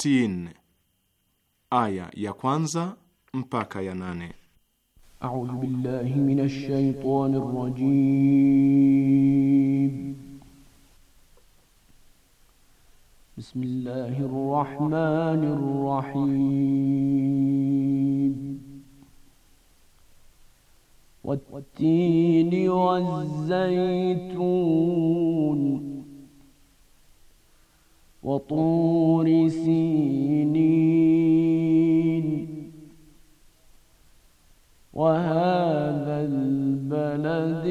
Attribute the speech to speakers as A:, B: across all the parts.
A: sittin, aya ya kwanza mpaka ya nane.
B: A'udhu billahi minash shaitanir rajim. Bismillahir rahmanir rahim. والتين والزيتون وطور سينين وهذا البلد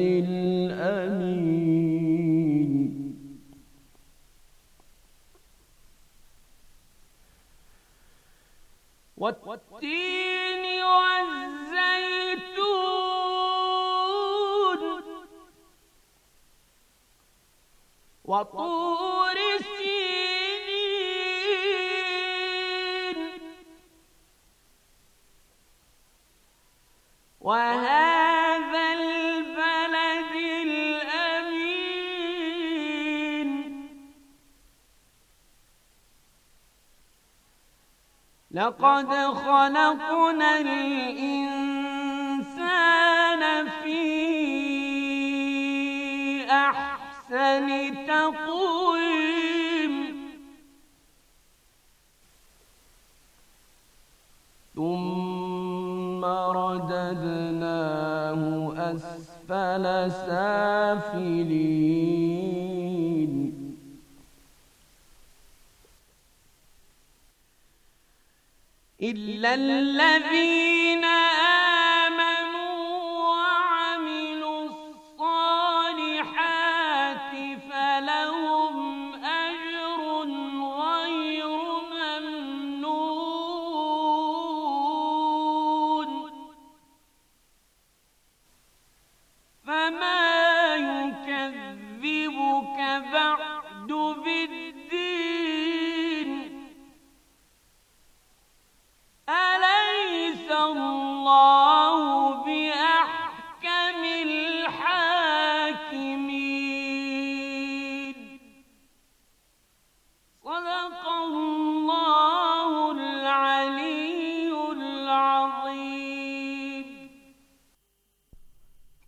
B: لقد خلقنا الإنسان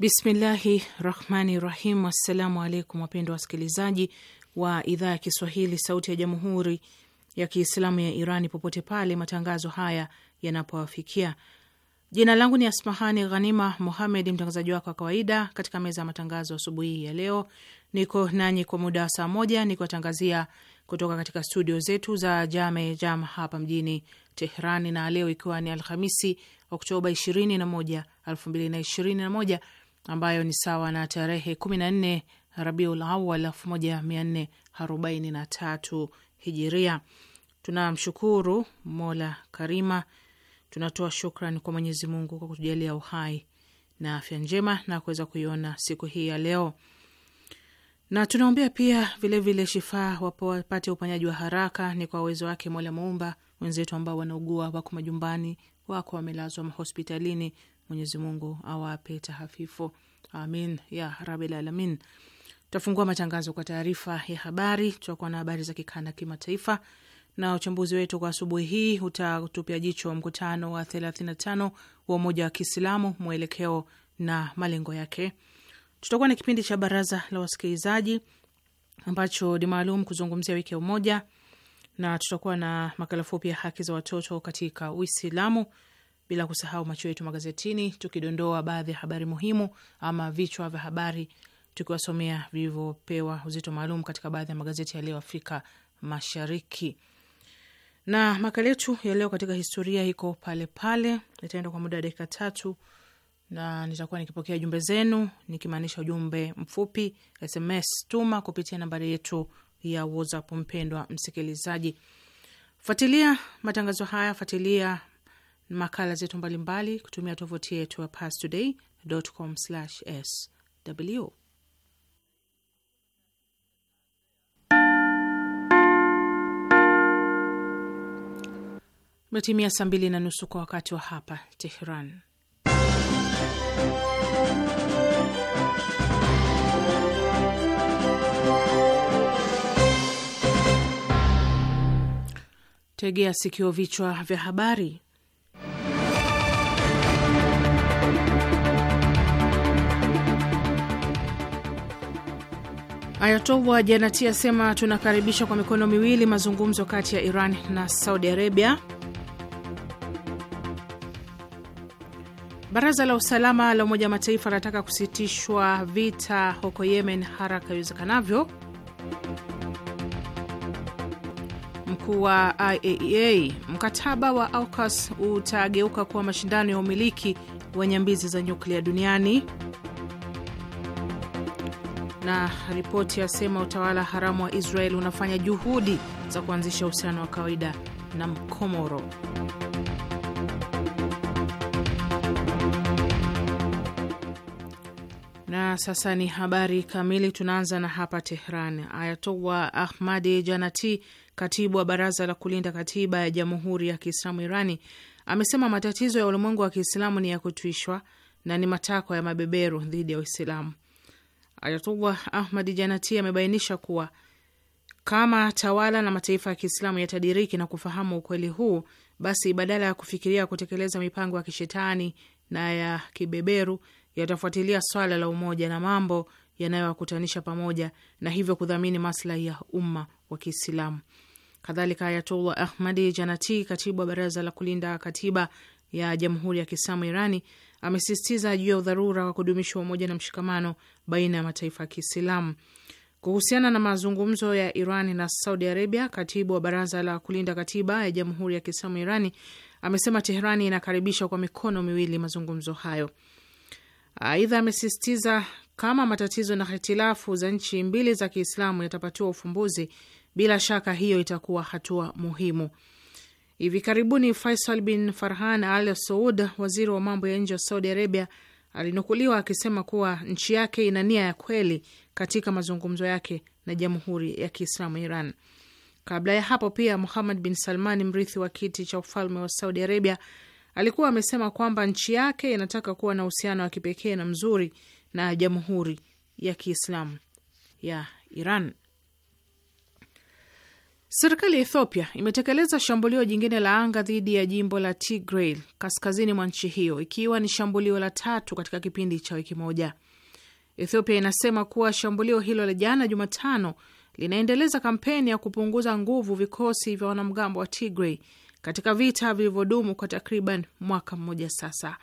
C: Bismillahi rahmani rahim. Assalamu alaikum wapendwa wasikilizaji wa idhaa ya Kiswahili sauti ya jamhuri ya Kiislamu ya Irani popote pale matangazo haya yanapowafikia. Jina langu ni Asmahani Ghanima Muhamed, mtangazaji wako wa kawaida katika meza ya matangazo asubuhi ya leo. Niko nanyi kwa muda wa saa moja nikiwatangazia kutoka katika studio zetu za Jame Jam hapa mjini Teherani, na leo ikiwa ni Alhamisi Oktoba 21, 2021 ambayo ni sawa na tarehe 14 Rabiul Awal 1443 Hijiria. Tunamshukuru Mola Karima, tunatoa shukran kwa Mwenyezi Mungu kwa kutujalia uhai na afya njema na kuweza kuiona siku hii ya leo, na tunaombea pia vilevile shifaa wapate uponyaji wa haraka, ni kwa uwezo wake Mola Muumba. Wenzetu ambao wanaugua wako majumbani, wako wamelazwa mahospitalini, Mwenyezi Mungu awape tahafifu, amin ya rabil alamin. Tutafungua matangazo kwa taarifa ya habari. Tutakuwa na habari za kikanda, kimataifa na uchambuzi wetu kwa asubuhi hii utatupia jicho mkutano wa 35 wa Umoja wa Kiislamu, mwelekeo na malengo yake. Tutakuwa na kipindi cha baraza la wasikilizaji ambacho ni maalum kuzungumzia wiki ya umoja, na tutakuwa na makala fupi ya haki za watoto katika Uislamu bila kusahau macho yetu magazetini, tukidondoa baadhi ya habari muhimu ama vichwa vya habari, tukiwasomea vilivyopewa uzito maalum katika baadhi ya magazeti ya leo Afrika Mashariki. Na makala yetu ya leo katika historia iko pale pale, itaenda kwa muda wa dakika tatu na nitakuwa nikipokea jumbe zenu, nikimaanisha ujumbe mfupi SMS. Tuma kupitia nambari yetu ya WhatsApp. Mpendwa msikilizaji, fuatilia matangazo haya, fuatilia makala zetu mbalimbali kutumia tovuti yetu ya parstoday.com/sw. Imetimia saa mbili na nusu kwa wakati wa hapa Tehran. Tegea sikio, vichwa vya habari. Ayatollah Janati asema tunakaribisha kwa mikono miwili mazungumzo kati ya Iran na Saudi Arabia. Baraza la usalama la Umoja wa Mataifa linataka kusitishwa vita huko Yemen haraka iwezekanavyo. Mkuu wa IAEA: e mkataba wa AUKUS utageuka kuwa mashindano ya umiliki wa nyambizi za nyuklia duniani na ripoti yasema utawala haramu wa Israel unafanya juhudi za kuanzisha uhusiano wa kawaida na Mkomoro. Na sasa ni habari kamili. Tunaanza na hapa Tehran. Ayatollah Ahmadi Janati, katibu wa baraza la kulinda katiba ya jamhuri ya Kiislamu Irani, amesema matatizo ya ulimwengu wa Kiislamu ni ya kutwishwa na ni matakwa ya mabeberu dhidi ya Uislamu. Ayatullah Ahmadi Janati amebainisha kuwa kama tawala na mataifa ya Kiislamu yatadiriki na kufahamu ukweli huu, basi badala ya kufikiria kutekeleza mipango ya kishetani na ya kibeberu, yatafuatilia swala la umoja na mambo yanayowakutanisha pamoja, na hivyo kudhamini maslahi ya umma wa Kiislamu. Kadhalika, Ayatullah Ahmadi Janati, katibu wa baraza la kulinda katiba ya jamhuri ya Kiislamu Irani, amesisitiza juu ya udharura wa kudumisha umoja na mshikamano baina ya mataifa ya Kiislamu. Kuhusiana na mazungumzo ya Iran na Saudi Arabia, katibu wa baraza la kulinda katiba ya jamhuri ya Kiislamu Irani amesema Teherani inakaribisha kwa mikono miwili mazungumzo hayo. Aidha, amesisitiza kama matatizo na hitilafu za nchi mbili za Kiislamu yatapatiwa ufumbuzi, bila shaka hiyo itakuwa hatua muhimu. Hivi karibuni Faisal bin Farhan Al Saud, waziri wa mambo ya nje wa Saudi Arabia, alinukuliwa akisema kuwa nchi yake ina nia ya kweli katika mazungumzo yake na Jamhuri ya Kiislamu Iran. Kabla ya hapo pia, Muhammad bin salmani mrithi wa kiti cha ufalme wa Saudi Arabia, alikuwa amesema kwamba nchi yake inataka kuwa na uhusiano wa kipekee na mzuri na Jamhuri ya Kiislamu ya Iran. Serikali ya Ethiopia imetekeleza shambulio jingine la anga dhidi ya jimbo la Tigray kaskazini mwa nchi hiyo, ikiwa ni shambulio la tatu katika kipindi cha wiki moja. Ethiopia inasema kuwa shambulio hilo la jana Jumatano linaendeleza kampeni ya kupunguza nguvu vikosi vya wanamgambo wa Tigray katika vita vilivyodumu kwa takriban mwaka mmoja sasa.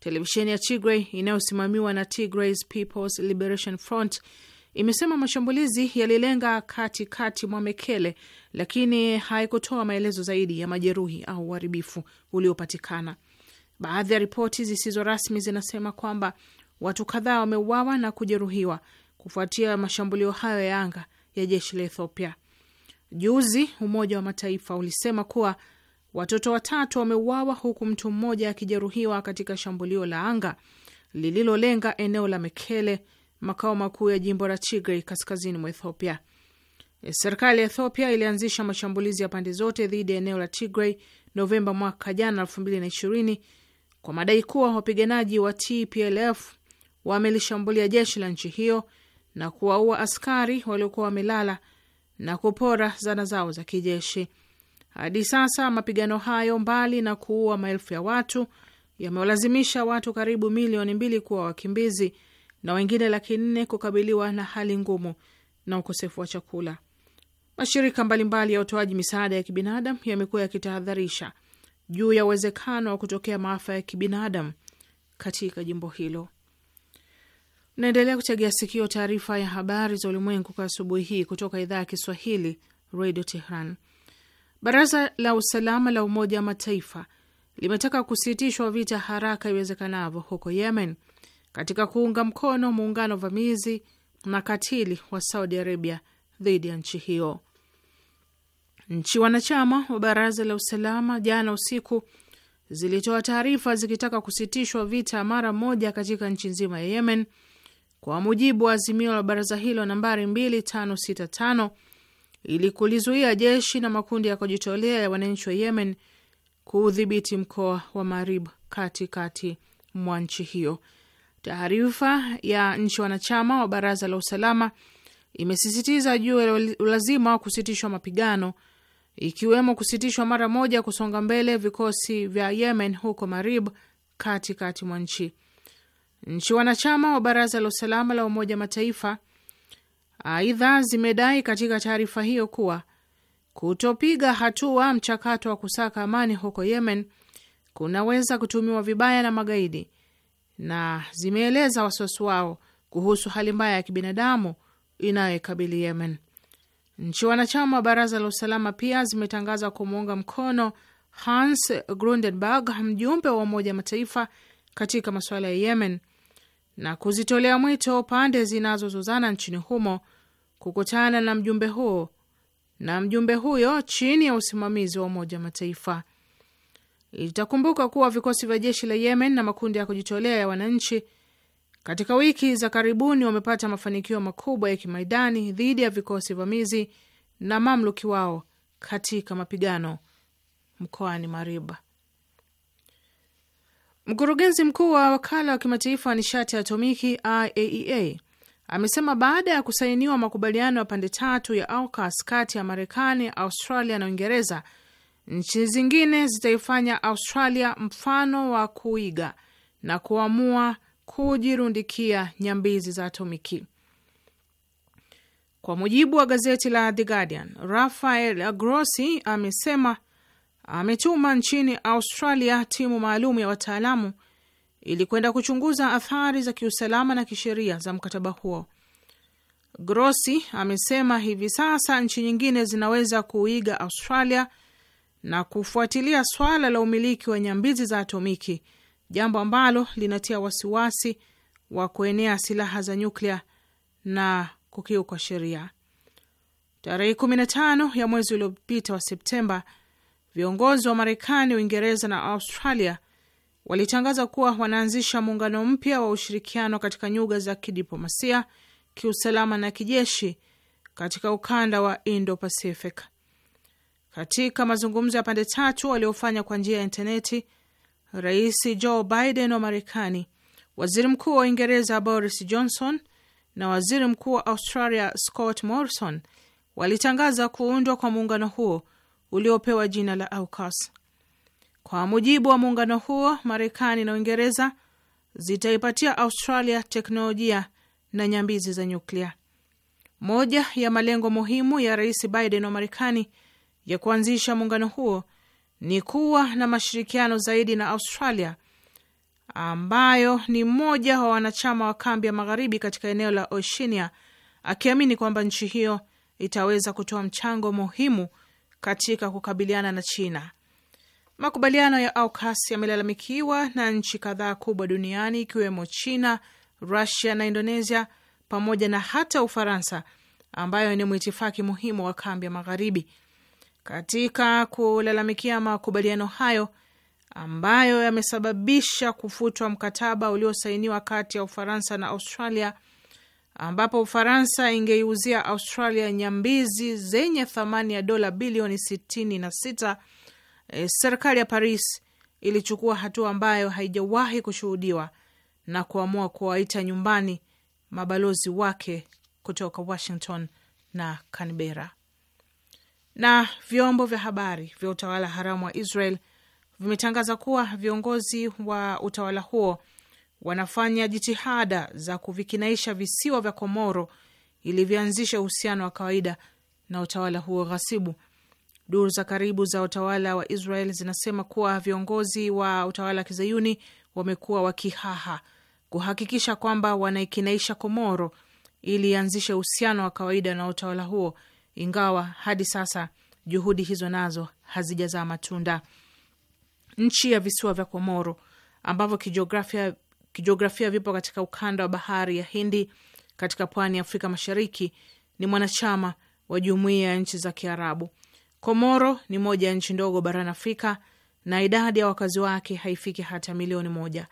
C: Televisheni ya Tigray inayosimamiwa na Tigray People's Liberation Front imesema mashambulizi yalilenga katikati mwa Mekele, lakini haikutoa maelezo zaidi ya majeruhi au uharibifu uliopatikana. Baadhi ya ripoti zisizo rasmi zinasema kwamba watu kadhaa wameuawa na kujeruhiwa kufuatia mashambulio hayo ya anga ya jeshi la Ethiopia. Juzi Umoja wa Mataifa ulisema kuwa watoto watatu wameuawa huku mtu mmoja akijeruhiwa katika shambulio la anga lililolenga eneo la Mekele makao makuu ya jimbo la Tigray kaskazini mwa Ethiopia. E, serikali ya Ethiopia ilianzisha mashambulizi ya pande zote dhidi ya eneo la Tigray Novemba mwaka jana 2020 kwa madai kuwa wapiganaji wa TPLF wamelishambulia jeshi la nchi hiyo na kuwaua askari waliokuwa wamelala na kupora zana zao za kijeshi. Hadi sasa mapigano hayo, mbali na kuua maelfu ya watu, yamewalazimisha watu karibu milioni mbili kuwa wakimbizi na wengine laki nne kukabiliwa na hali ngumu na ukosefu wa chakula. Mashirika mbalimbali ya utoaji misaada ya kibinadamu yamekuwa yakitahadharisha juu ya uwezekano wa kutokea maafa ya kibinadamu katika jimbo hilo. Naendelea kuchagia sikio taarifa ya habari za ulimwengu kwa asubuhi hii kutoka idhaa ya Kiswahili, Radio Tehran. Baraza la Usalama la Umoja wa Mataifa limetaka kusitishwa vita haraka iwezekanavyo huko Yemen katika kuunga mkono muungano vamizi na katili wa Saudi Arabia dhidi ya nchi hiyo. Nchi wanachama wa Baraza la Usalama jana usiku zilitoa taarifa zikitaka kusitishwa vita mara moja katika nchi nzima ya Yemen kwa mujibu wa azimio la baraza hilo nambari 2565 ili kulizuia jeshi na makundi ya kujitolea ya wananchi wa Yemen kuudhibiti mkoa wa Marib katikati mwa nchi hiyo. Taarifa ya nchi wanachama wa Baraza la Usalama imesisitiza juu ya ulazima wa kusitishwa mapigano, ikiwemo kusitishwa mara moja kusonga mbele vikosi vya Yemen huko Marib, katikati mwa nchi. Nchi wanachama wa Baraza la Usalama la Umoja Mataifa aidha zimedai katika taarifa hiyo kuwa kutopiga hatua mchakato wa kusaka amani huko Yemen kunaweza kutumiwa vibaya na magaidi na zimeeleza wasiwasi wao kuhusu hali mbaya ya kibinadamu inayoikabili Yemen. Nchi wanachama wa baraza la usalama pia zimetangaza kumuunga mkono Hans Grundenberg, mjumbe wa Umoja wa Mataifa katika masuala ya Yemen, na kuzitolea mwito pande zinazozozana nchini humo kukutana na mjumbe huo na mjumbe huyo chini ya usimamizi wa Umoja wa Mataifa. Itakumbuka kuwa vikosi vya jeshi la Yemen na makundi ya kujitolea ya wananchi katika wiki za karibuni wamepata mafanikio makubwa ya kimaidani dhidi ya vikosi vamizi na mamluki wao katika mapigano mkoani Mariba. Mkurugenzi mkuu wa wakala wa kimataifa wa nishati ya atomiki IAEA e amesema baada ya kusainiwa makubaliano ya pande tatu ya AUKUS kati ya Marekani, Australia na Uingereza Nchi zingine zitaifanya Australia mfano wa kuiga na kuamua kujirundikia nyambizi za atomiki. Kwa mujibu wa gazeti la The Guardian, Rafael Grossi amesema ametuma nchini Australia timu maalum ya wataalamu ili kwenda kuchunguza athari za kiusalama na kisheria za mkataba huo. Grossi amesema hivi sasa nchi nyingine zinaweza kuiga Australia na kufuatilia swala la umiliki wa nyambizi za atomiki, jambo ambalo linatia wasiwasi wa kuenea silaha za nyuklia na kukiukwa sheria. Tarehe 15 ya mwezi uliopita wa Septemba, viongozi wa Marekani, Uingereza na Australia walitangaza kuwa wanaanzisha muungano mpya wa ushirikiano katika nyuga za kidiplomasia, kiusalama na kijeshi katika ukanda wa Indo Pacific. Katika mazungumzo ya pande tatu waliofanya kwa njia ya intaneti, Rais Joe Biden wa Marekani, waziri mkuu wa Uingereza Boris Johnson na waziri mkuu wa Australia Scott Morrison walitangaza kuundwa kwa muungano huo uliopewa jina la AUKUS. Kwa mujibu wa muungano huo, Marekani na Uingereza zitaipatia Australia teknolojia na nyambizi za nyuklia. Moja ya malengo muhimu ya Rais Biden wa Marekani ya kuanzisha muungano huo ni kuwa na mashirikiano zaidi na Australia ambayo ni mmoja wa wanachama wa kambi ya magharibi katika eneo la Oceania, akiamini kwamba nchi hiyo itaweza kutoa mchango muhimu katika kukabiliana na China. Makubaliano ya AUKUS yamelalamikiwa na nchi kadhaa kubwa duniani ikiwemo China, Rusia na Indonesia pamoja na hata Ufaransa ambayo ni mwitifaki muhimu wa kambi ya magharibi katika kulalamikia makubaliano hayo ambayo yamesababisha kufutwa mkataba uliosainiwa kati ya Ufaransa na Australia ambapo Ufaransa ingeiuzia Australia nyambizi zenye thamani ya dola bilioni 66. E, serikali ya Paris ilichukua hatua ambayo haijawahi kushuhudiwa na kuamua kuwaita nyumbani mabalozi wake kutoka Washington na Canberra. Na vyombo vya habari vya utawala haramu wa Israel vimetangaza kuwa viongozi wa utawala huo wanafanya jitihada za kuvikinaisha visiwa vya Komoro ili vianzishe uhusiano wa kawaida na utawala huo ghasibu. Duru za karibu za utawala wa Israel zinasema kuwa viongozi wa utawala wa kizayuni wamekuwa wakihaha kuhakikisha kwamba wanaikinaisha Komoro ili ianzishe uhusiano wa kawaida na utawala huo ingawa hadi sasa juhudi hizo nazo hazijazaa matunda. Nchi ya visiwa vya Komoro ambavyo kijiografia kijiografia vipo katika ukanda wa bahari ya Hindi katika pwani ya Afrika Mashariki ni mwanachama wa jumuiya ya nchi za Kiarabu. Komoro ni moja ya nchi ndogo barani Afrika na idadi ya wakazi wake haifiki hata milioni moja.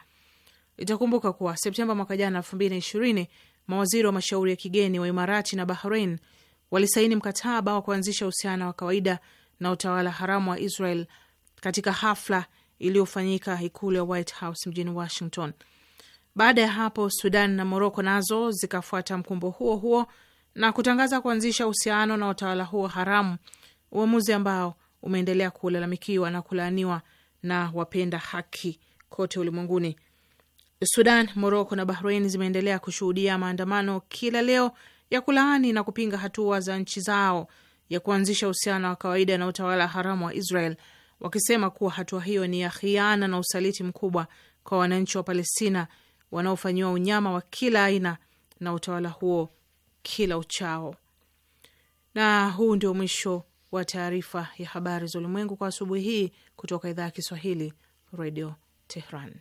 C: Itakumbuka kuwa Septemba mwaka jana elfu mbili na ishirini, mawaziri wa mashauri ya kigeni wa Imarati na Bahrain walisaini mkataba wa kuanzisha uhusiano wa kawaida na utawala haramu wa Israel katika hafla iliyofanyika ikulu ya White House mjini Washington. Baada ya hapo, Sudan na Moroko nazo zikafuata mkumbo huo huo na kutangaza kuanzisha uhusiano na utawala huo haramu, uamuzi ambao umeendelea kulalamikiwa na kulaaniwa na wapenda haki kote ulimwenguni. Sudan, Moroko na Bahrain zimeendelea kushuhudia maandamano kila leo ya kulaani na kupinga hatua za nchi zao ya kuanzisha uhusiano wa kawaida na utawala haramu wa Israel, wakisema kuwa hatua hiyo ni ya khiana na usaliti mkubwa kwa wananchi wa Palestina wanaofanyiwa unyama wa kila aina na utawala huo kila uchao. Na huu ndio mwisho wa taarifa ya habari za ulimwengu kwa asubuhi hii kutoka idhaa ya Kiswahili, Radio Tehran.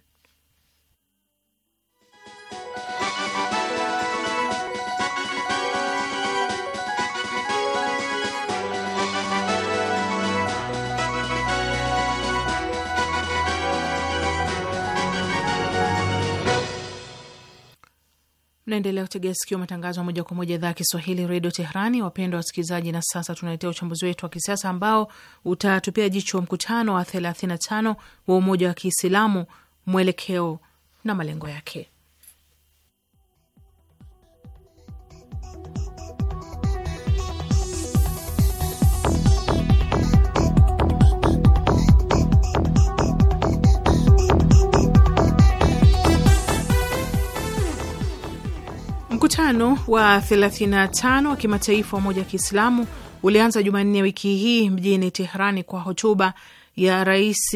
C: Mnaendelea kutegea sikio matangazo ya moja kwa moja idhaa ya Kiswahili redio Teherani, wapendwa wasikilizaji. Na sasa tunaletea uchambuzi wetu wa kisiasa ambao utatupia jicho mkutano wa 35 wa Umoja wa Kiislamu, mwelekeo na malengo yake. Mkutano wa 35 wa kimataifa wa umoja wa Kiislamu ulianza Jumanne wiki hii mjini Tehrani kwa hotuba ya Rais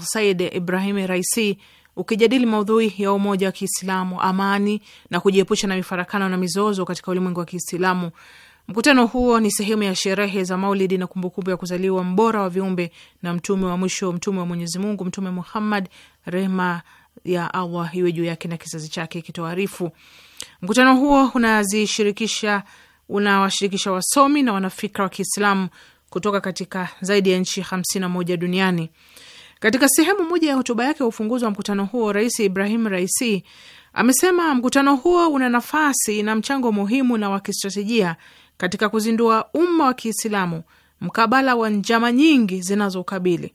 C: Said Ibrahim Raisi ukijadili maudhui ya umoja wa Kiislamu, amani na kujiepusha na mifarakano na mizozo katika ulimwengu wa Kiislamu. Mkutano huo ni sehemu ya sherehe za Maulidi na kumbukumbu ya kuzaliwa mbora wa viumbe na mtume wa mwisho, mtume wa Mwenyezi Mungu, Mtume Muhammad, rehma ya Allah iwe juu yake na kizazi chake, kitoarifu Mkutano huo unazishirikisha unawashirikisha wasomi na wanafikra wa Kiislamu kutoka katika zaidi ya nchi 51 duniani. Katika sehemu moja ya hotuba yake ya ufunguzi wa mkutano huo, Rais Ibrahim Raisi amesema mkutano huo una nafasi na mchango muhimu na wa kistratejia katika kuzindua umma wa Kiislamu mkabala wa njama nyingi zinazoukabili.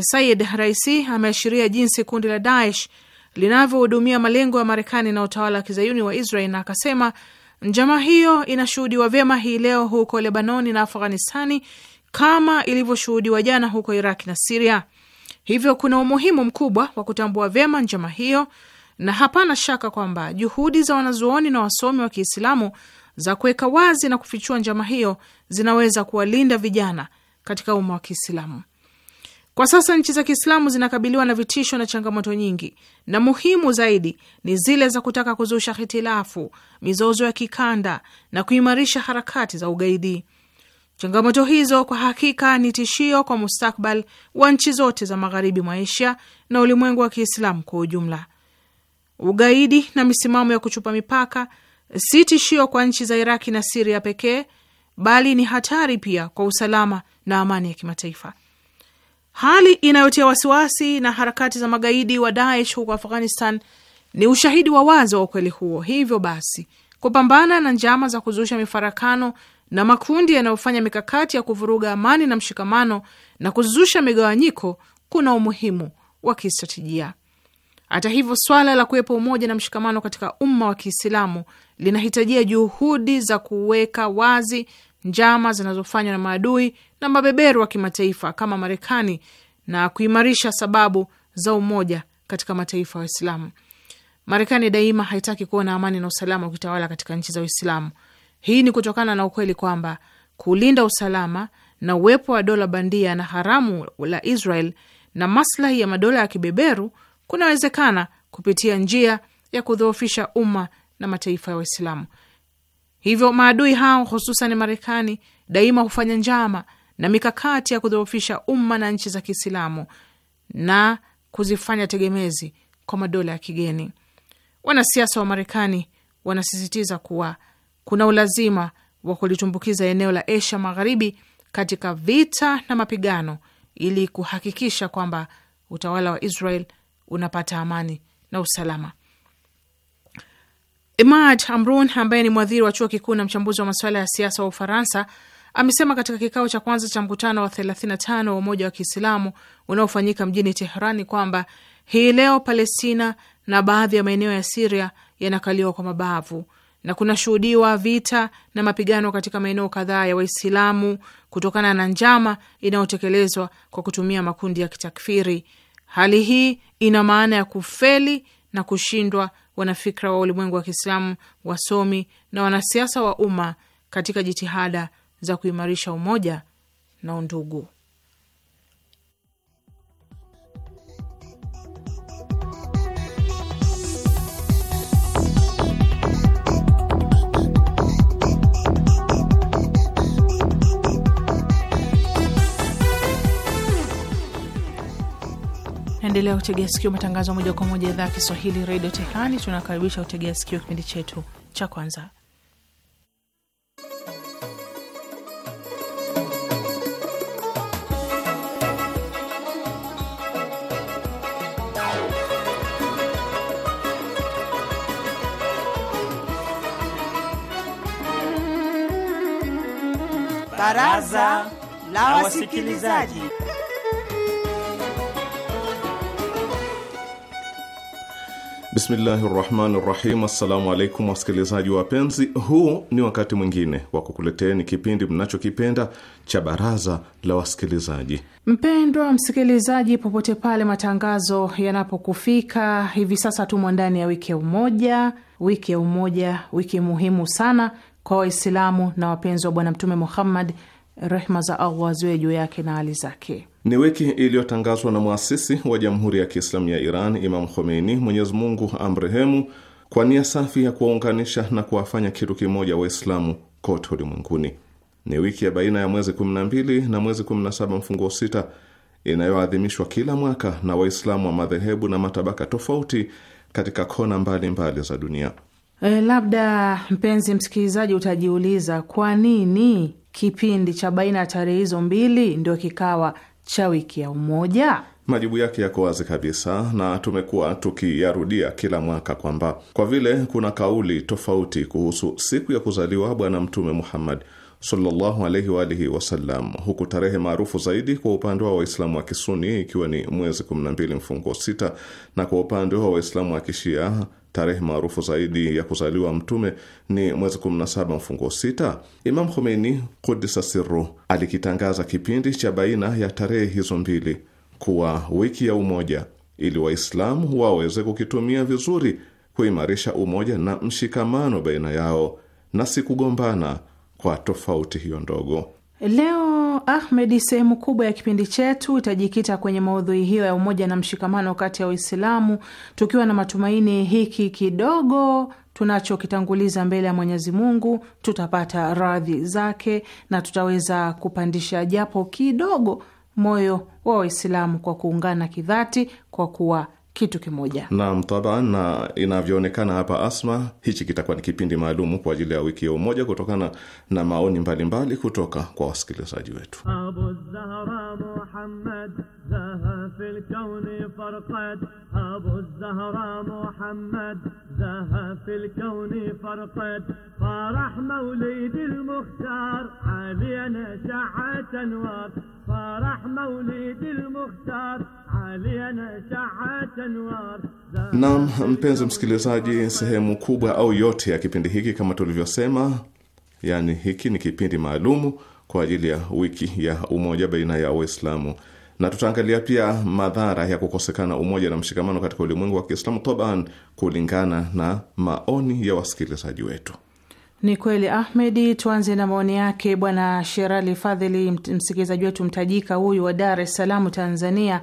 C: Sayid Raisi ameashiria jinsi kundi la Daesh linavyohudumia malengo ya Marekani na utawala wa kizayuni wa Israel, na akasema njama hiyo inashuhudiwa vyema hii leo huko Lebanoni na Afghanistani kama ilivyoshuhudiwa jana huko Iraq na Siria. Hivyo kuna umuhimu mkubwa wa kutambua vyema njama hiyo, na hapana shaka kwamba juhudi za wanazuoni na wasomi wa Kiislamu za kuweka wazi na kufichua njama hiyo zinaweza kuwalinda vijana katika umma wa Kiislamu. Kwa sasa nchi za Kiislamu zinakabiliwa na vitisho na changamoto nyingi, na muhimu zaidi ni zile za kutaka kuzusha hitilafu, mizozo ya kikanda na kuimarisha harakati za ugaidi. Changamoto hizo kwa hakika ni tishio kwa mustakbal wa nchi zote za magharibi mwa Asia na ulimwengu wa Kiislamu kwa ujumla. Ugaidi na misimamo ya kuchupa mipaka si tishio kwa nchi za Iraki na Siria pekee, bali ni hatari pia kwa usalama na amani ya kimataifa. Hali inayotia wasiwasi na harakati za magaidi wa Daesh huko Afghanistan ni ushahidi wa wazi wa ukweli huo. Hivyo basi, kupambana na njama za kuzusha mifarakano na makundi yanayofanya mikakati ya kuvuruga amani na mshikamano na kuzusha migawanyiko kuna umuhimu wa kistratejia. Hata hivyo, swala la kuwepo umoja na mshikamano katika umma wa Kiislamu linahitajia juhudi za kuweka wazi njama zinazofanywa na maadui na mabeberu wa kimataifa kama Marekani na kuimarisha sababu za umoja katika mataifa ya Waislamu. Marekani daima haitaki kuona amani na usalama ukitawala katika nchi za Uislamu. Hii ni kutokana na ukweli kwamba kulinda usalama na uwepo wa dola bandia na haramu la Israel na maslahi ya madola ya kibeberu kunawezekana kupitia njia ya kudhoofisha umma na mataifa ya Waislamu. Hivyo maadui hao, hususan Marekani, daima hufanya njama na mikakati ya kudhoofisha umma na nchi za Kiislamu na kuzifanya tegemezi kwa madola ya kigeni. Wanasiasa wa Marekani wanasisitiza kuwa kuna ulazima wa kulitumbukiza eneo la Asia Magharibi katika vita na mapigano ili kuhakikisha kwamba utawala wa Israel unapata amani na usalama. Imad Amrun ambaye ni mwadhiri wa chuo kikuu na mchambuzi wa masuala ya siasa wa Ufaransa amesema katika kikao cha kwanza cha mkutano wa 35 wa Umoja wa Kiislamu unaofanyika mjini Teherani kwamba hii leo Palestina na baadhi ya maeneo ya Siria yanakaliwa kwa mabavu na kunashuhudiwa vita na mapigano katika maeneo kadhaa ya Waislamu kutokana na njama inayotekelezwa kwa kutumia makundi ya kitakfiri. Hali hii ina maana ya kufeli na kushindwa wanafikra wa ulimwengu wa Kiislamu, wasomi na wanasiasa wa umma katika jitihada za kuimarisha umoja na undugu. Endelea kutegea sikio matangazo moja kwa moja idhaa ya Kiswahili, redio Tehrani. Tunakaribisha kutegea sikio kipindi chetu cha kwanza Baraza la Wasikilizaji.
A: Bismillahi rahmani rahim. Assalamu alaikum wasikilizaji wapenzi, huu ni wakati mwingine wa kukuleteeni kipindi mnachokipenda cha baraza la wasikilizaji.
C: Mpendwa msikilizaji, popote pale matangazo yanapokufika hivi sasa, tumo ndani ya wiki ya umoja, wiki ya umoja, wiki muhimu sana kwa Waislamu na wapenzi wa Bwana Mtume Muhammad, rehma za Allah ziwe juu yake na hali zake.
A: Ni wiki iliyotangazwa na mwasisi wa Jamhuri ya Kiislamu ya Iran, Imam Khomeini, Mwenyezi Mungu amrehemu, kwa nia safi ya kuwaunganisha na kuwafanya kitu kimoja Waislamu kote ulimwenguni. Ni wiki ya baina ya mwezi 12 na mwezi 17 mfungo sita inayoadhimishwa kila mwaka na Waislamu wa madhehebu na matabaka tofauti katika kona mbalimbali mbali za dunia.
C: E, labda mpenzi msikilizaji utajiuliza kwa nini kipindi cha baina ya tarehe hizo mbili ndio kikawa cha wiki ya umoja.
A: Majibu yake yako wazi kabisa, na tumekuwa tukiyarudia kila mwaka kwamba kwa vile kuna kauli tofauti kuhusu siku ya kuzaliwa Bwana Mtume Muhammad sallallahu alaihi wa alihi wasallam, huku tarehe maarufu zaidi kwa upande wa Waislamu wa Kisuni ikiwa ni mwezi 12 mfungo 6 na kwa upande wa Waislamu wa Kishia Tarehe maarufu zaidi ya kuzaliwa mtume ni mwezi 17 mfungo sita. Imam Khomeini kudisa siru alikitangaza kipindi cha baina ya tarehe hizo mbili kuwa wiki ya umoja, ili Waislamu waweze kukitumia vizuri kuimarisha umoja na mshikamano baina yao na si kugombana kwa tofauti hiyo ndogo.
C: Leo Ahmed, sehemu kubwa ya kipindi chetu itajikita kwenye maudhui hiyo ya umoja na mshikamano kati ya Waislamu, tukiwa na matumaini hiki kidogo tunachokitanguliza mbele ya Mwenyezi Mungu tutapata radhi zake na tutaweza kupandisha japo kidogo moyo wa Waislamu kwa kuungana kidhati kwa kuwa kitu kimoja.
A: Naam, taban na inavyoonekana hapa Asma, hichi kitakuwa ni kipindi maalumu kwa ajili ya wiki ya umoja kutokana na maoni mbalimbali mbali kutoka kwa wasikilizaji wetu. Naam, mpenzi msikilizaji, sehemu kubwa au yote ya kipindi hiki kama tulivyosema, yani hiki ni kipindi maalumu kwa ajili ya wiki ya umoja baina ya Waislamu, na tutaangalia pia madhara ya kukosekana umoja na mshikamano katika ulimwengu wa Kiislamu, toban, kulingana na maoni ya wasikilizaji wetu.
C: Ni kweli Ahmedi. Tuanze na maoni yake Bwana Sherali Fadhili, msikilizaji wetu mtajika huyu wa Dar es Salaam, Tanzania,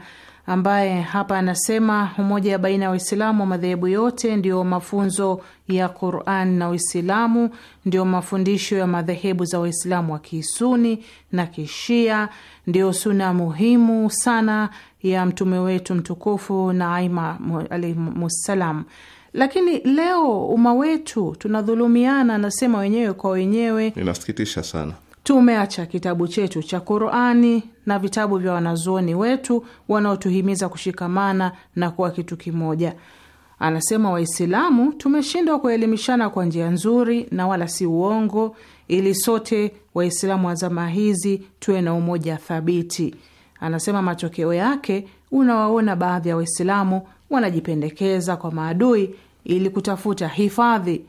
C: ambaye hapa anasema umoja baina ya Waislamu wa madhehebu yote ndio mafunzo ya Quran na Uislamu ndio mafundisho ya madhehebu za Waislamu wa Kisuni na Kishia, ndio suna muhimu sana ya mtume wetu mtukufu na aima alaihimussalam lakini leo umma wetu
A: tunadhulumiana,
C: anasema wenyewe kwa wenyewe.
A: Inasikitisha sana.
C: Tumeacha kitabu chetu cha Qurani na vitabu vya wanazuoni wetu wanaotuhimiza kushikamana na kuwa kitu kimoja. Anasema Waislamu tumeshindwa kuelimishana kwa njia nzuri na wala si uongo, ili sote Waislamu wa zama hizi tuwe na umoja thabiti. Anasema matokeo yake unawaona baadhi ya Waislamu wanajipendekeza kwa maadui ili kutafuta hifadhi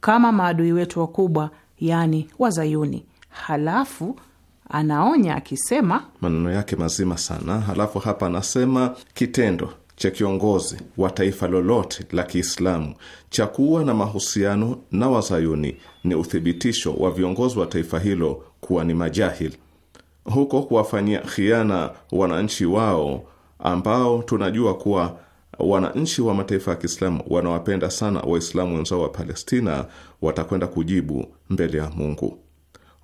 C: kama maadui wetu wakubwa, yaani Wazayuni. Halafu anaonya akisema,
A: maneno yake mazima sana. Halafu hapa anasema kitendo cha kiongozi wa taifa lolote la Kiislamu cha kuwa na mahusiano na Wazayuni ni uthibitisho wa viongozi wa taifa hilo kuwa ni majahil huko kuwafanyia khiana wananchi wao ambao tunajua kuwa wananchi wa mataifa ya Kiislamu wanawapenda sana Waislamu wenzao wa Palestina watakwenda kujibu mbele ya Mungu.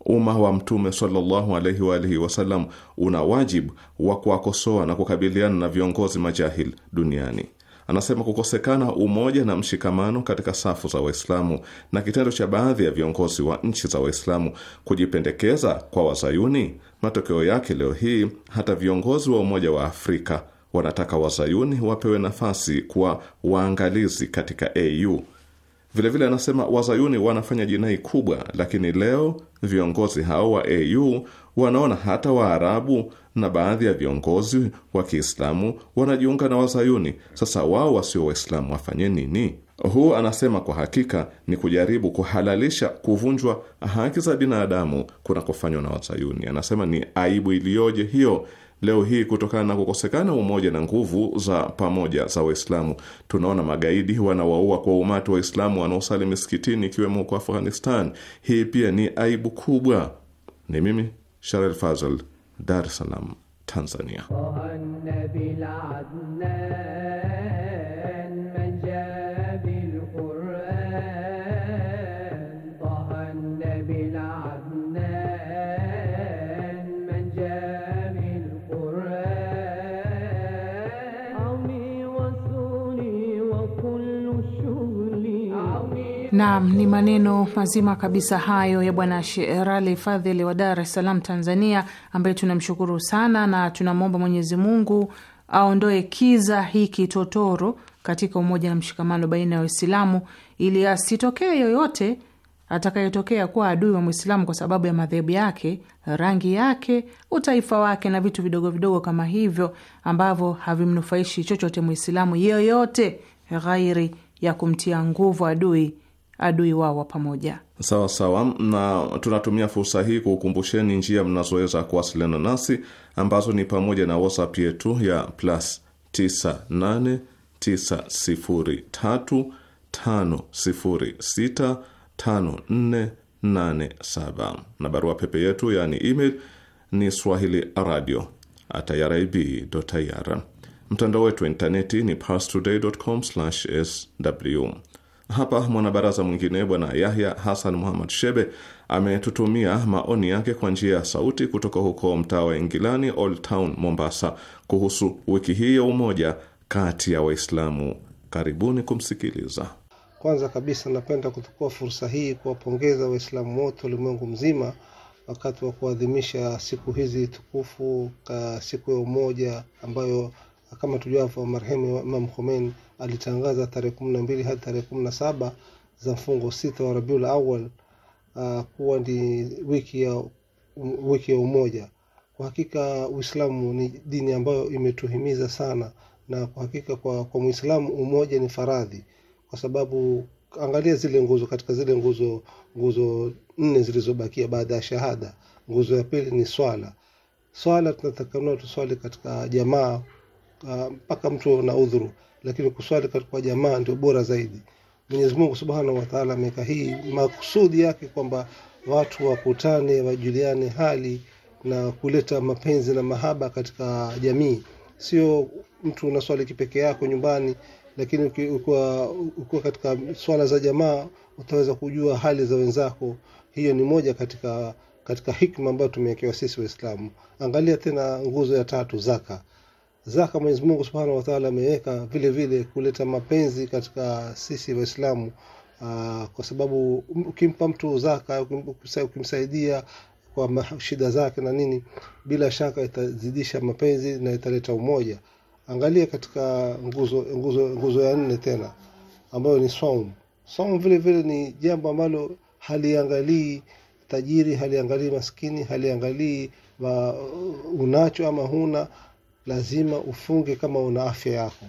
A: Umma wa Mtume sallallahu alaihi wa alihi wasallam una wajibu wa kuwakosoa na kukabiliana na viongozi majahil duniani. Anasema kukosekana umoja na mshikamano katika safu za Waislamu na kitendo cha baadhi ya viongozi wa nchi za Waislamu kujipendekeza kwa Wazayuni, matokeo yake leo hii hata viongozi wa Umoja wa Afrika wanataka wazayuni wapewe nafasi kuwa waangalizi katika AU. Vilevile anasema vile wazayuni wanafanya jinai kubwa, lakini leo viongozi hao wa AU wanaona hata Waarabu na baadhi ya viongozi wa Kiislamu wanajiunga na wazayuni. Sasa wao wasio Waislamu wafanye nini? Huu anasema kwa hakika ni kujaribu kuhalalisha kuvunjwa haki za binadamu kunakofanywa na wazayuni. Anasema ni aibu iliyoje hiyo Leo hii kutokana na kukosekana umoja na nguvu za pamoja za Waislamu, tunaona magaidi wanawaua kwa umati Waislamu wanaosali misikitini, ikiwemo huko Afghanistan. Hii pia ni aibu kubwa. Ni mimi Sharel Fazl, Dar es Salaam, Tanzania.
C: Naam, ni maneno mazima kabisa hayo ya Bwana Sherali Fadhili wa Dar es Salaam, Tanzania, ambaye tunamshukuru sana na tunamwomba Mwenyezi Mungu aondoe kiza hiki totoro katika umoja na mshikamano baina ya Waislamu ili asitokee yoyote atakayetokea kuwa adui wa Mwislamu kwa sababu ya madhehebu yake, rangi yake, utaifa wake na vitu vidogo vidogo kama hivyo ambavyo havimnufaishi chochote Mwislamu yeyote ghairi ya kumtia nguvu adui adui wao wa pamoja.
A: Sawa sawa, na tunatumia fursa hii kuukumbusheni njia mnazoweza kuwasiliana nasi ambazo ni pamoja na WhatsApp yetu ya plus 989035065487 na barua pepe yetu yaani email ni swahili radio irib.ir. Mtandao wetu wa intaneti ni parstoday.com/sw hapa mwanabaraza mwingine Bwana Yahya Hasan Muhammad Shebe ametutumia maoni yake kwa njia ya sauti kutoka huko mtaa wa Ingilani, Old Town, Mombasa, kuhusu wiki hii ya umoja kati ya Waislamu. Karibuni kumsikiliza.
D: Kwanza kabisa, napenda kuchukua fursa hii kuwapongeza Waislamu wote ulimwengu mzima wakati wa kuadhimisha siku hizi tukufu, siku ya umoja ambayo kama tujuavyo marehemu Imam Khomeini alitangaza tarehe kumi na mbili hadi tarehe kumi na saba za mfungo sita wa Rabiul Awal uh, kuwa ni wiki ya, um, wiki ya umoja. Kwa hakika Uislamu ni dini ambayo imetuhimiza sana, na kwa hakika kwa, kwa Muislamu umoja ni faradhi, kwa sababu angalia zile nguzo katika zile nguzo nguzo nne zilizobakia baada ya shahada, nguzo ya pili ni swala. Swala tunatakiwa tuswali katika jamaa uh, mpaka uh, mtu na udhuru lakini kuswali kwa jamaa ndio bora zaidi mwenyezi mungu subhanahu Ta'ala ameka hii makusudi yake kwamba watu wakutane wajuliane hali na kuleta mapenzi na mahaba katika jamii sio mtu unaswali kipeke yako nyumbani lakini ukiwa ukiwa katika swala za jamaa utaweza kujua hali za wenzako hiyo ni moja katika katika hikma ambayo tumewekewa sisi waislamu angalia tena nguzo ya tatu zaka zaka Mwenyezi Mungu Subhanahu wa Ta'ala ameweka vile vile kuleta mapenzi katika sisi Waislamu. Uh, kwa sababu ukimpa mtu zaka, ukimsaidia kwa shida zake na nini, bila shaka itazidisha mapenzi na italeta umoja. Angalia katika nguzo nguzo nguzo ya nne tena ambayo ni saum. Saum vile vile ni jambo ambalo haliangalii tajiri, haliangalii maskini, haliangalii unacho ama huna lazima ufunge kama una afya yako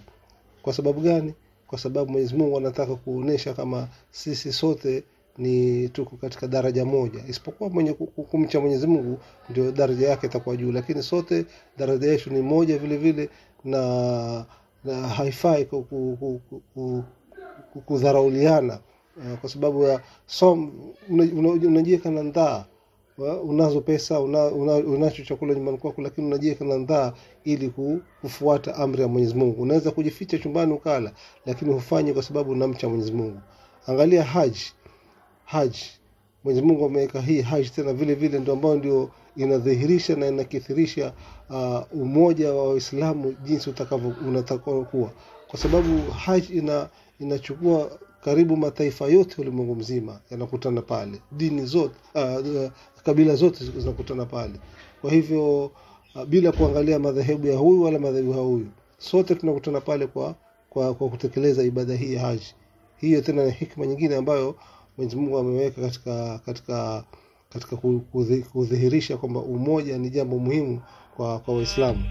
D: kwa sababu gani kwa sababu mwenyezi mungu anataka kuonesha kama sisi sote ni tuko katika daraja moja isipokuwa mwenye kumcha mwenyezi mungu ndio daraja yake itakuwa juu lakini sote daraja yetu ni moja vile vile na, na haifai kudharauliana kwa sababu ya so, unajiweka una, una na ndhaa unazo pesa unacho una, unacho chakula nyumbani kwako lakini unajieka na ndhaa ili kufuata amri ya mwenyezi mungu unaweza kujificha chumbani ukala lakini hufanyi kwa sababu unamcha mwenyezi mungu angalia haji haji mwenyezi mungu ameweka hii haji tena vile vile ndo ambayo ndio inadhihirisha na inakithirisha uh, umoja wa waislamu jinsi utakavyokuwa kwa sababu haji ina inachukua karibu mataifa yote ulimwengu mzima yanakutana pale, dini zote uh, uh, kabila zote zinakutana pale. Kwa hivyo uh, bila kuangalia madhehebu ya huyu wala madhehebu ya huyu, sote tunakutana pale kwa kwa, kwa kutekeleza ibada hii ya haji. Hiyo tena ni hikma nyingine ambayo Mwenyezi Mungu ameweka katika katika katika kudhihirisha kwamba umoja ni jambo muhimu kwa kwa Waislamu.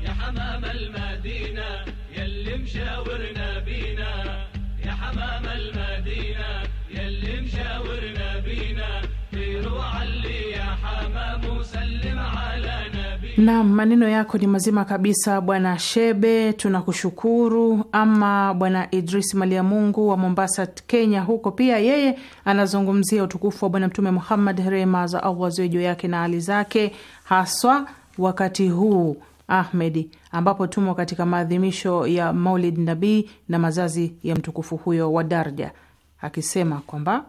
C: Naam, maneno yako ni mazima kabisa Bwana Shebe, tunakushukuru. Ama Bwana Idris Malia Mungu wa Mombasa, Kenya, huko pia yeye anazungumzia utukufu wa Bwana Mtume Muhammad, rehma za Allah ziwe juu yake na hali zake, haswa wakati huu Ahmedi ambapo tumo katika maadhimisho ya Maulid Nabii na mazazi ya mtukufu huyo wa daraja, akisema kwamba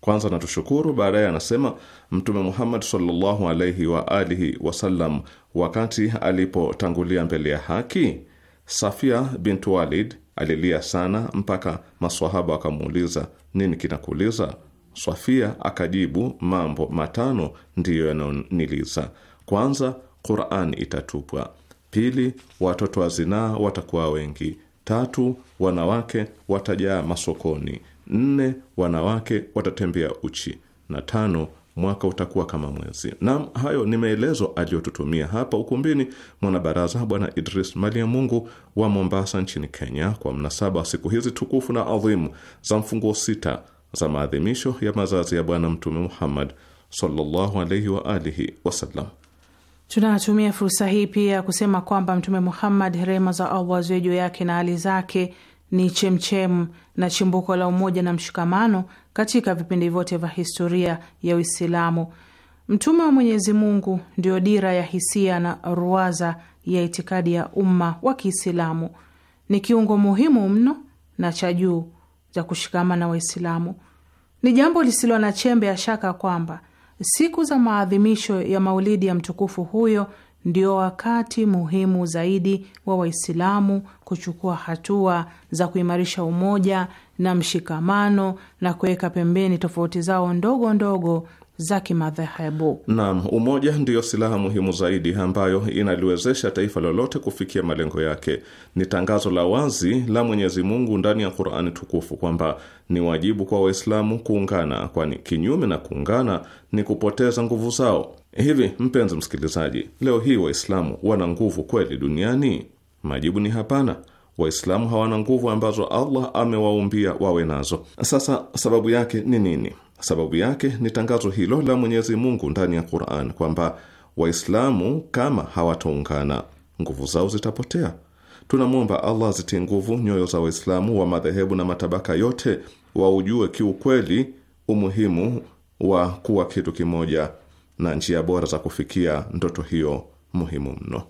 A: kwanza natushukuru. Baadaye anasema Mtume Muhammad sallallahu alaihi wa alihi wasallam, wakati alipotangulia mbele ya haki, Safia bint Walid alilia sana mpaka maswahaba wakamuuliza, nini kinakuuliza? Safia akajibu, mambo matano ndiyo yanayoniliza. Kwanza, Quran itatupwa; pili, watoto wa zinaa watakuwa wengi; tatu, wanawake watajaa masokoni nne wanawake watatembea uchi, na tano mwaka utakuwa kama mwezi. Naam, hayo ni maelezo aliyotutumia hapa ukumbini mwanabaraza Bwana Idris ya Mungu wa Mombasa nchini Kenya, kwa mnasaba wa siku hizi tukufu na adhimu za mfunguo sita za maadhimisho ya mazazi ya Bwana Mtume Muhammad sallallahu alaihi wa alihi wasallam.
C: Tunatumia fursa hii pia kusema kwamba Mtume Muhammad, rehma za Allah ziwe juu yake na hali zake, ni chemchem na chimbuko la umoja na mshikamano katika vipindi vyote vya historia ya Uislamu. Mtume wa Mwenyezi Mungu ndio dira ya hisia na ruwaza ya itikadi ya umma wa Kiislamu. Ni kiungo muhimu mno na cha juu cha kushikamana Waislamu. Ni jambo lisilo na chembe ya shaka kwamba siku za maadhimisho ya maulidi ya mtukufu huyo ndio wakati muhimu zaidi wa Waislamu kuchukua hatua za kuimarisha umoja na mshikamano na kuweka pembeni tofauti zao ndogo ndogo za kimadhehebu.
A: Naam, umoja ndiyo silaha muhimu zaidi ambayo inaliwezesha taifa lolote kufikia malengo yake. Ni tangazo la wazi la Mwenyezi Mungu ndani ya Qur'ani tukufu kwamba ni wajibu kwa Waislamu kuungana, kwani kinyume na kuungana ni kupoteza nguvu zao. Hivi mpenzi msikilizaji, leo hii Waislamu wana nguvu kweli duniani? Majibu ni hapana. Waislamu hawana nguvu ambazo Allah amewaumbia wawe nazo. Sasa sababu yake ni nini? Sababu yake ni tangazo hilo la Mwenyezi Mungu ndani ya Qur'an kwamba Waislamu kama hawataungana, nguvu zao zitapotea. Tunamwomba Allah zitie nguvu nyoyo za Waislamu wa madhehebu na matabaka yote, waujue kiukweli umuhimu wa kuwa kitu kimoja na njia bora za kufikia ndoto hiyo muhimu mno.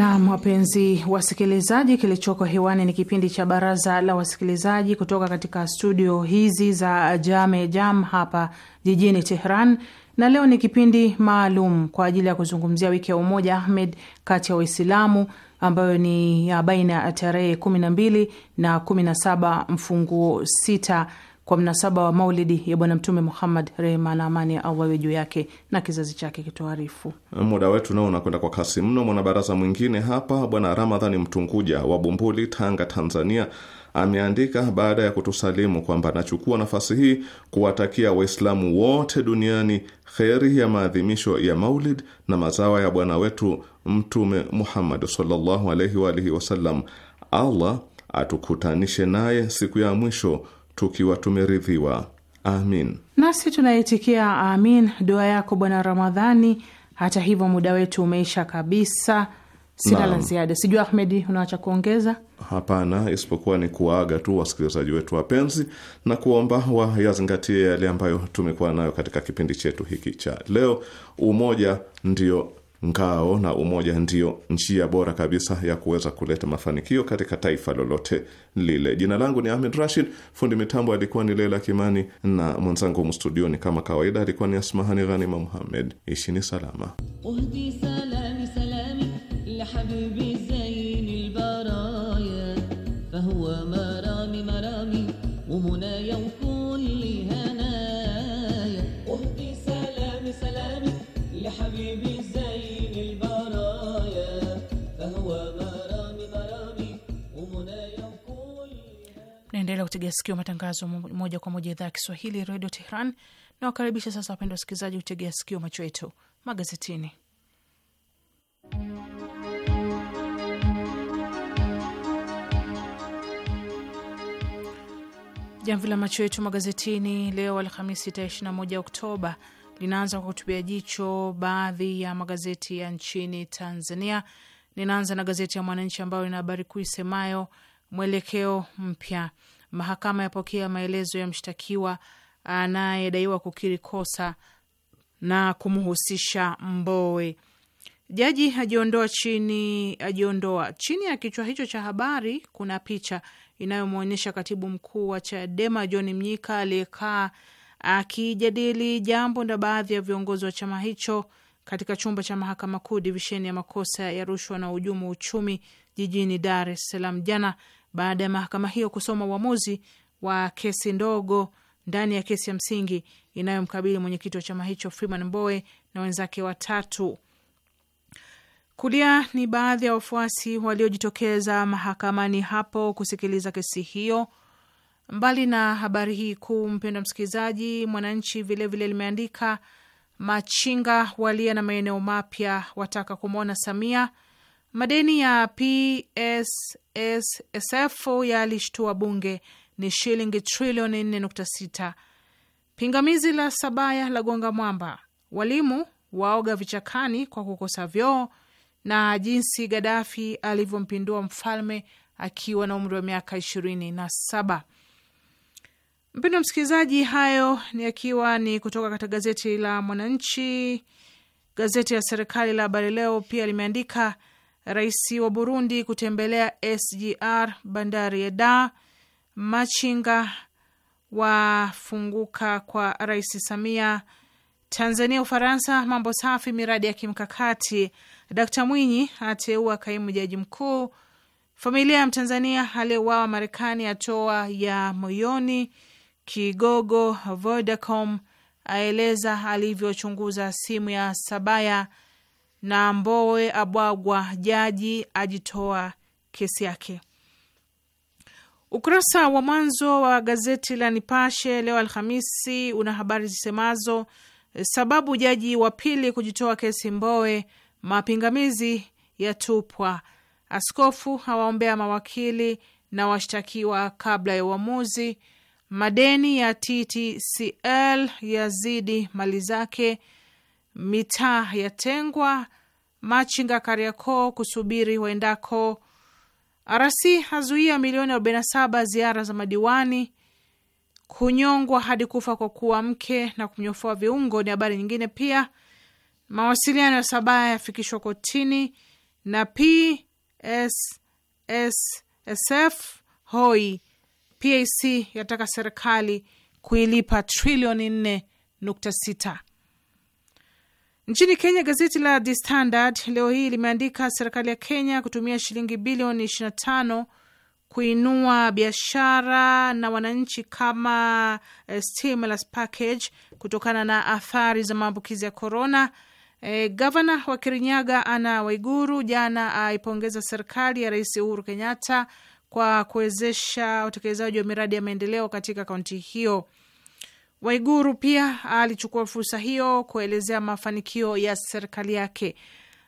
C: Naam, wapenzi wasikilizaji, kilichoko hewani ni kipindi cha baraza la wasikilizaji kutoka katika studio hizi za Jame Jam hapa jijini Tehran, na leo ni kipindi maalum kwa ajili ya kuzungumzia wiki ya umoja Ahmed kati ya Waislamu ambayo ni ya baina ya tarehe kumi na mbili na na kumi saba mfunguo sita kwa mnasaba wa maulidi ya Bwana Mtume Muhammad, rehema na amani ya Allah iwe juu yake na kizazi chake kitoharifu.
A: Muda wetu nao unakwenda kwa kasi mno. Mwanabaraza mwingine hapa, Bwana Ramadhani Mtunguja wa Bumbuli, Tanga, Tanzania, ameandika baada ya kutusalimu kwamba anachukua nafasi hii kuwatakia Waislamu wote duniani kheri ya maadhimisho ya maulid na mazawa ya bwana wetu Mtume Muhammad sallallahu alaihi wa alihi wasallam. Allah atukutanishe naye siku ya mwisho tukiwa tumeridhiwa. Amin.
C: Nasi tunaitikia amin dua yako Bwana Ramadhani. Hata hivyo muda wetu umeisha kabisa, sina la ziada. Sijui Ahmedi, unawacha kuongeza?
A: Hapana, isipokuwa ni kuwaaga tu wasikilizaji wetu wapenzi na kuomba wayazingatie yale ambayo tumekuwa nayo katika kipindi chetu hiki cha leo. Umoja ndio ngao na umoja ndiyo njia bora kabisa ya kuweza kuleta mafanikio katika taifa lolote lile. Jina langu ni Ahmed Rashid, fundi mitambo alikuwa ni Leila Kimani na mwenzangu mstudioni kama kawaida alikuwa ni Asmahani Ghanima Muhammed. Ishini salama.
C: Mnaendelea kutegea sikio matangazo moja kwa moja idhaa ya Kiswahili redio Tehran. Nawakaribisha sasa, wapendwa wasikilizaji, kutegea sikio macho yetu magazetini. Jamvi la macho yetu magazetini leo Alhamisi tarehe 21 Oktoba linaanza kwa kutupia jicho baadhi ya magazeti ya nchini Tanzania. Ninaanza na gazeti ya Mwananchi ambayo ina habari kuu isemayo mwelekeo mpya. Mahakama yapokea maelezo ya mshtakiwa anayedaiwa kukiri kosa na kumhusisha Mbowe. Jaji ajiondoa chini, ajiondoa chini ya kichwa hicho cha habari. Kuna picha inayomwonyesha katibu mkuu wa Chadema John Mnyika aliyekaa akijadili jambo na baadhi ya viongozi wa chama hicho katika chumba cha mahakama kuu divisheni ya makosa ya rushwa na uhujumu uchumi jijini Dar es Salaam jana baada ya mahakama hiyo kusoma uamuzi wa kesi ndogo ndani ya kesi ya msingi inayomkabili mwenyekiti wa chama hicho Freeman Mbowe na wenzake watatu. Kulia ni baadhi ya wafuasi waliojitokeza mahakamani hapo kusikiliza kesi hiyo. Mbali na habari hii kuu, mpendwa msikilizaji, Mwananchi vilevile limeandika machinga walia na maeneo mapya, wataka kumwona Samia Madeni ya PSSSF yalishtua bunge ni shilingi trilioni 4.6. Pingamizi la Sabaya la gonga mwamba, walimu waoga vichakani kwa kukosa vyoo, na jinsi Gadafi alivyompindua mfalme akiwa na umri wa miaka ishirini na saba. Mpendo msikilizaji, hayo ni akiwa ni kutoka katika gazeti la Mwananchi. Gazeti ya serikali la Habari Leo pia limeandika rais wa Burundi kutembelea SGR bandari ya da machinga wafunguka kwa Rais Samia, Tanzania Ufaransa mambo safi, miradi ya kimkakati, Dkt Mwinyi ateua kaimu jaji mkuu, familia ya Mtanzania aliyeuawa Marekani atoa ya moyoni, kigogo Vodacom aeleza alivyochunguza simu ya Sabaya na Mbowe abwagwa, jaji ajitoa kesi yake. Ukurasa wa mwanzo wa gazeti la Nipashe leo Alhamisi una habari zisemazo sababu jaji wa pili kujitoa kesi Mbowe, mapingamizi yatupwa, askofu hawaombea mawakili na washtakiwa kabla ya uamuzi, madeni ya TTCL yazidi mali zake mitaa yatengwa, machinga Kariakoo kusubiri waendako, RC hazuia milioni 47 ziara za madiwani, kunyongwa hadi kufa kwa kuwa mke na kunyofua viungo ni habari nyingine. Pia mawasiliano ya Sabaya yafikishwa kotini na PSSSF hoi PAC yataka serikali kuilipa trilioni 4.6. Nchini Kenya, gazeti la The Standard leo hii limeandika serikali ya Kenya kutumia shilingi bilioni 25 kuinua biashara na wananchi kama eh, stimulus package kutokana na athari za maambukizi ya korona. E, eh, gavana wa Kirinyaga Ana Waiguru jana aipongeza serikali ya Rais Uhuru Kenyatta kwa kuwezesha utekelezaji wa miradi ya maendeleo katika kaunti hiyo. Waiguru pia alichukua fursa hiyo kuelezea mafanikio ya serikali yake.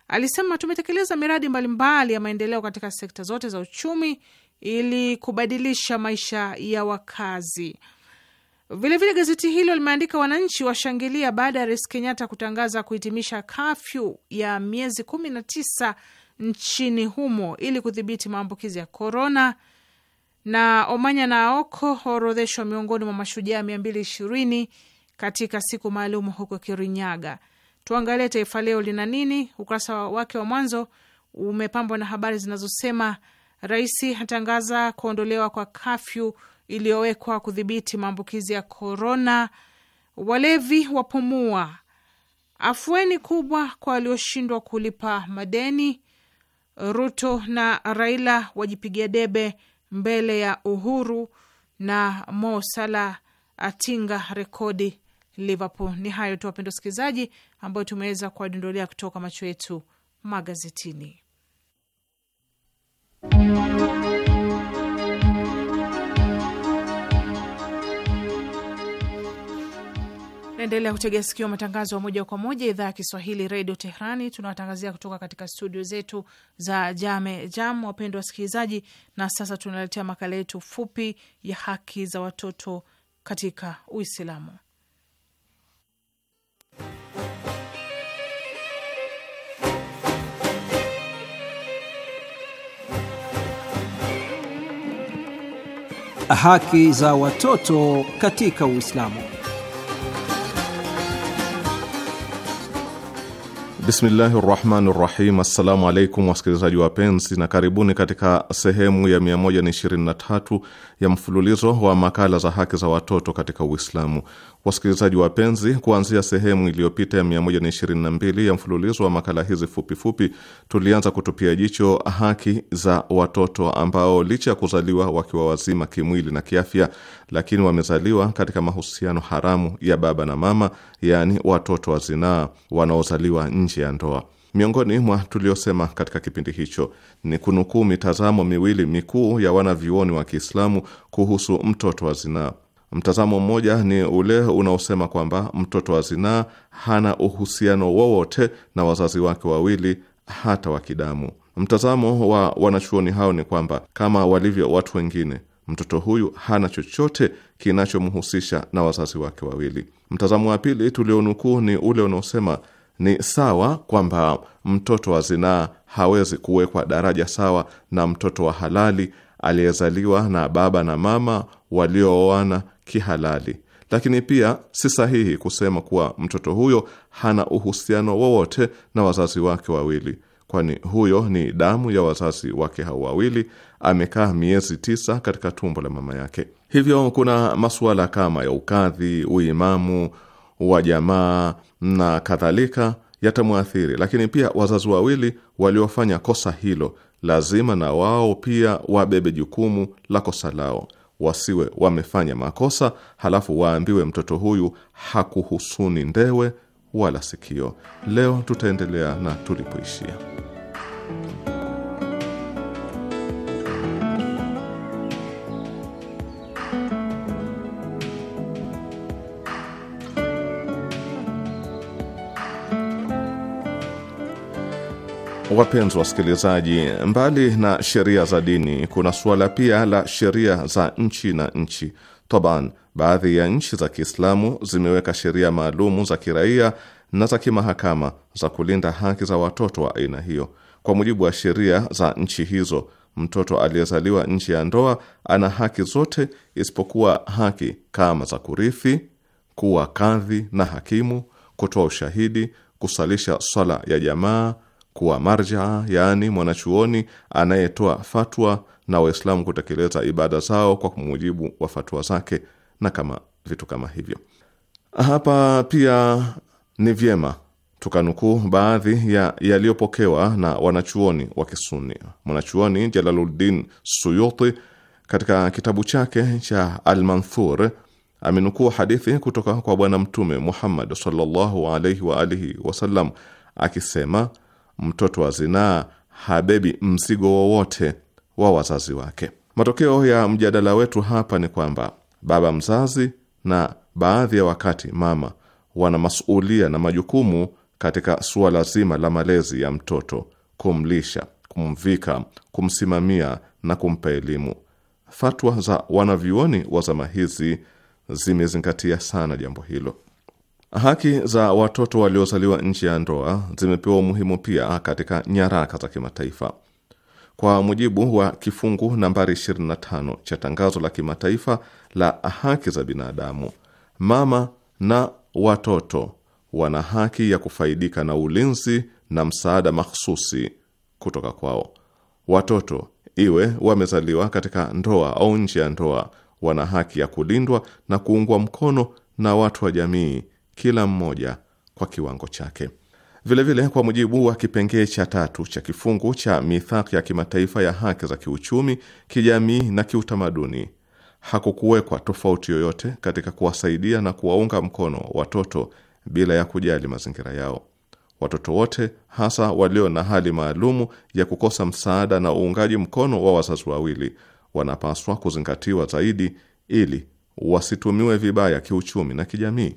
C: Alisema, tumetekeleza miradi mbalimbali ya maendeleo katika sekta zote za uchumi ili kubadilisha maisha ya wakazi. Vilevile vile gazeti hilo limeandika wananchi washangilia baada ya Rais Kenyatta kutangaza kuhitimisha kafyu ya miezi kumi na tisa nchini humo ili kudhibiti maambukizi ya korona na Omanya na Aoko waorodheshwa miongoni mwa mashujaa mia mbili ishirini katika siku maalum huko Kirinyaga. Tuangalie Taifa Leo lina nini? Ukurasa wake wa mwanzo umepambwa na habari zinazosema rais atangaza kuondolewa kwa kafyu iliyowekwa kudhibiti maambukizi ya korona, walevi wapumua, afueni kubwa kwa walioshindwa kulipa madeni, Ruto na Raila wajipigia debe mbele ya Uhuru na Mo Salah atinga rekodi Liverpool. Ni hayo tu wapenda wasikilizaji, ambayo tumeweza kuwadondolea kutoka macho yetu magazetini. Naendelea kutegea sikio matangazo ya moja kwa moja idhaa ya Kiswahili redio Tehrani. Tunawatangazia kutoka katika studio zetu za Jame Jam, wapendwa wasikilizaji. Na sasa tunaletea makala yetu fupi ya haki za watoto katika Uislamu.
E: Haki za watoto katika Uislamu.
A: Bismillahi rahmani rahim. Assalamu alaikum wasikilizaji wapenzi, na karibuni katika sehemu ya 123 ya mfululizo wa makala za haki za watoto katika Uislamu. Wasikilizaji wapenzi, kuanzia sehemu iliyopita ya 122 ya mfululizo wa makala hizi fupifupi fupi, tulianza kutupia jicho haki za watoto ambao licha ya kuzaliwa wakiwa wazima kimwili na kiafya, lakini wamezaliwa katika mahusiano haramu ya baba na mama, yaani watoto wa zinaa wanaozaliwa nje ya ndoa. Miongoni mwa tuliosema katika kipindi hicho ni kunukuu mitazamo miwili mikuu ya wanavyuoni wa Kiislamu kuhusu mtoto wa zinaa. Mtazamo mmoja ni ule unaosema kwamba mtoto wa zinaa hana uhusiano wowote na wazazi wake wawili hata wa kidamu. Mtazamo wa wanachuoni hao ni kwamba kama walivyo watu wengine, mtoto huyu hana chochote kinachomhusisha na wazazi wake wawili. Mtazamo wa pili tulionukuu ni ule unaosema ni sawa kwamba mtoto wa zinaa hawezi kuwekwa daraja sawa na mtoto wa halali aliyezaliwa na baba na mama waliooana kihalali. Lakini pia si sahihi kusema kuwa mtoto huyo hana uhusiano wowote na wazazi wake wawili, kwani huyo ni damu ya wazazi wake hao wawili. Amekaa miezi tisa katika tumbo la mama yake. Hivyo kuna masuala kama ya ukadhi, uimamu wa jamaa na kadhalika yatamwathiri, lakini pia wazazi wawili waliofanya kosa hilo lazima na wao pia wabebe jukumu la kosa lao. Wasiwe wamefanya makosa halafu waambiwe mtoto huyu hakuhusuni ndewe wala sikio. Leo tutaendelea na tulipoishia. Wapenzi wasikilizaji, mbali na sheria za dini, kuna suala pia la sheria za nchi na nchi taban. Baadhi ya nchi za Kiislamu zimeweka sheria maalumu za kiraia na za kimahakama za kulinda haki za watoto wa aina hiyo. Kwa mujibu wa sheria za nchi hizo, mtoto aliyezaliwa nje ya ndoa ana haki zote isipokuwa haki kama za kurithi, kuwa kadhi na hakimu, kutoa ushahidi, kusalisha swala ya jamaa kuwa marja, yaani mwanachuoni anayetoa fatwa na Waislamu kutekeleza ibada zao kwa mujibu wa fatwa zake na kama vitu kama hivyo. Hapa pia ni vyema tukanukuu baadhi ya yaliyopokewa na wanachuoni wa Kisuni. Mwanachuoni Jalaluddin Suyuti katika kitabu chake cha Almanthur amenukuu hadithi kutoka kwa Bwana Mtume Muhammad sallallahu alaihi wa alihi wasallam akisema mtoto wa zinaa habebi mzigo wowote wa wazazi wake. Matokeo ya mjadala wetu hapa ni kwamba baba mzazi na baadhi ya wakati mama wana masuulia na majukumu katika suala zima la malezi ya mtoto, kumlisha, kumvika, kumsimamia na kumpa elimu. Fatwa za wanavyuoni wa zama hizi zimezingatia sana jambo hilo. Haki za watoto waliozaliwa nje ya ndoa zimepewa umuhimu pia katika nyaraka za kimataifa. Kwa mujibu wa kifungu nambari 25 cha tangazo la kimataifa la haki za binadamu, mama na watoto wana haki ya kufaidika na ulinzi na msaada makhususi kutoka kwao. Watoto iwe wamezaliwa katika ndoa au nje ya ndoa, wana haki ya kulindwa na kuungwa mkono na watu wa jamii kila mmoja kwa kiwango chake. Vilevile vile, kwa mujibu wa kipengee cha tatu cha kifungu cha mithaki ya kimataifa ya haki za kiuchumi, kijamii na kiutamaduni, hakukuwekwa tofauti yoyote katika kuwasaidia na kuwaunga mkono watoto bila ya kujali mazingira yao. Watoto wote hasa walio na hali maalumu ya kukosa msaada na uungaji mkono wa wazazi wawili wanapaswa kuzingatiwa zaidi ili wasitumiwe vibaya kiuchumi na kijamii.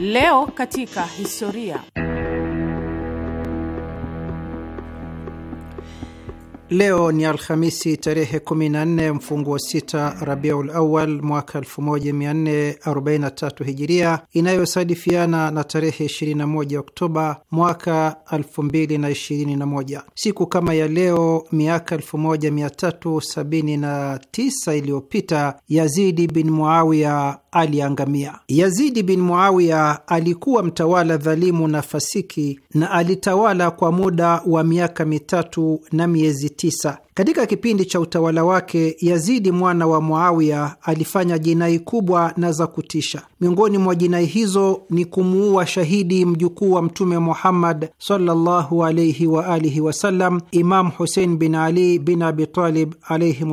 C: Leo katika historia.
E: Leo ni Alhamisi tarehe 14 wa sita Rabiul Awal mwaka 1443 Hijiria, inayosadifiana na tarehe 21 Oktoba mwaka 2021. Siku kama ya leo miaka 1379 iliyopita Yazidi bin Muawiya aliangamia. Yazidi bin Muawiya alikuwa mtawala dhalimu na fasiki, na alitawala kwa muda wa miaka mitatu na miezi tisa katika kipindi cha utawala wake, Yazidi mwana wa Muawiya alifanya jinai kubwa na za kutisha. Miongoni mwa jinai hizo ni kumuua shahidi mjukuu wa Mtume Muhammad sallallahu alaihi wa alihi wasallam, Husein bin Ali bin Abitalib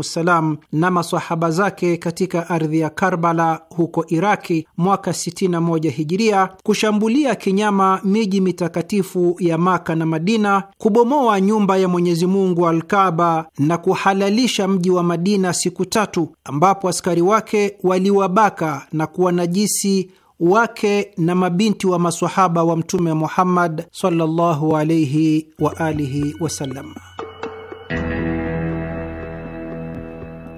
E: ssalam, na masahaba zake katika ardhi ya Karbala huko Iraki mwaka 61 Hijiria, kushambulia kinyama miji mitakatifu ya Maka na Madina, kubomoa nyumba ya Mwenyezi Mungu Alkaba na kuhalalisha mji wa Madina siku tatu, ambapo askari wake waliwabaka na kuwanajisi wake na mabinti wa masahaba wa Mtume Muhammad sallallahu alaihi wa alihi wasallam.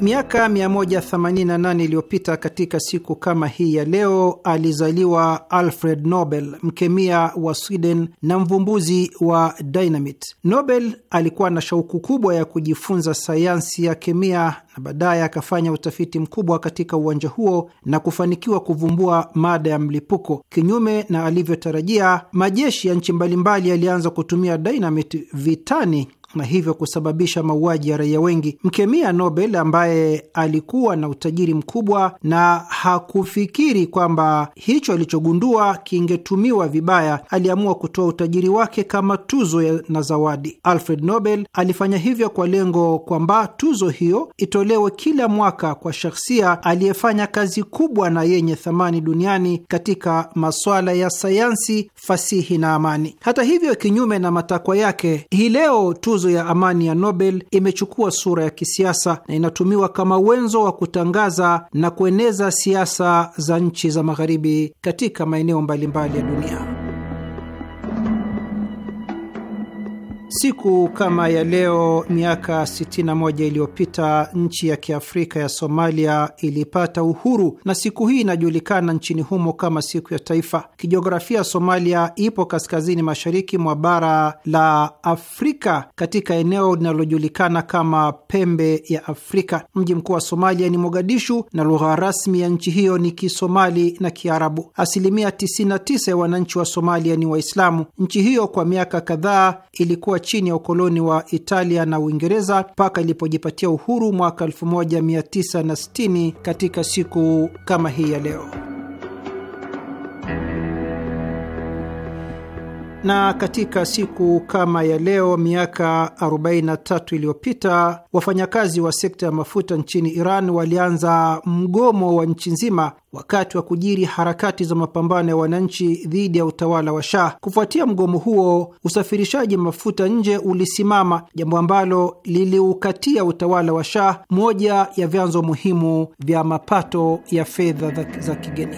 E: Miaka 188 iliyopita katika siku kama hii ya leo alizaliwa Alfred Nobel, mkemia wa Sweden na mvumbuzi wa dynamite. Nobel alikuwa na shauku kubwa ya kujifunza sayansi ya kemia na baadaye akafanya utafiti mkubwa katika uwanja huo na kufanikiwa kuvumbua mada ya mlipuko. Kinyume na alivyotarajia, majeshi ya nchi mbalimbali yalianza kutumia dynamite vitani na hivyo kusababisha mauaji ya raia wengi. Mkemia Nobel ambaye alikuwa na utajiri mkubwa na hakufikiri kwamba hicho alichogundua kingetumiwa vibaya, aliamua kutoa utajiri wake kama tuzo na zawadi. Alfred Nobel alifanya hivyo kwa lengo kwamba tuzo hiyo itolewe kila mwaka kwa shahsia aliyefanya kazi kubwa na yenye thamani duniani katika maswala ya sayansi, fasihi na amani. Hata hivyo, kinyume na matakwa yake, hii leo tuzo tuzo ya amani ya Nobel imechukua sura ya kisiasa na inatumiwa kama wenzo wa kutangaza na kueneza siasa za nchi za magharibi katika maeneo mbalimbali ya dunia. Siku kama ya leo miaka 61 iliyopita nchi ya kiafrika ya Somalia ilipata uhuru na siku hii inajulikana nchini humo kama siku ya taifa. Kijiografia, Somalia ipo kaskazini mashariki mwa bara la Afrika katika eneo linalojulikana kama pembe ya Afrika. Mji mkuu wa Somalia ni Mogadishu na lugha rasmi ya nchi hiyo ni Kisomali na Kiarabu. Asilimia 99 ya wananchi wa Somalia ni Waislamu. Nchi hiyo kwa miaka kadhaa ilikuwa chini ya ukoloni wa Italia na Uingereza mpaka ilipojipatia uhuru mwaka 1960 katika siku kama hii ya leo. na katika siku kama ya leo miaka 43 iliyopita wafanyakazi wa sekta ya mafuta nchini Iran walianza mgomo wa nchi nzima wakati wa kujiri harakati za mapambano ya wananchi dhidi ya utawala wa Shah. Kufuatia mgomo huo, usafirishaji mafuta nje ulisimama, jambo ambalo liliukatia utawala wa Shah moja ya vyanzo muhimu vya mapato ya fedha za kigeni.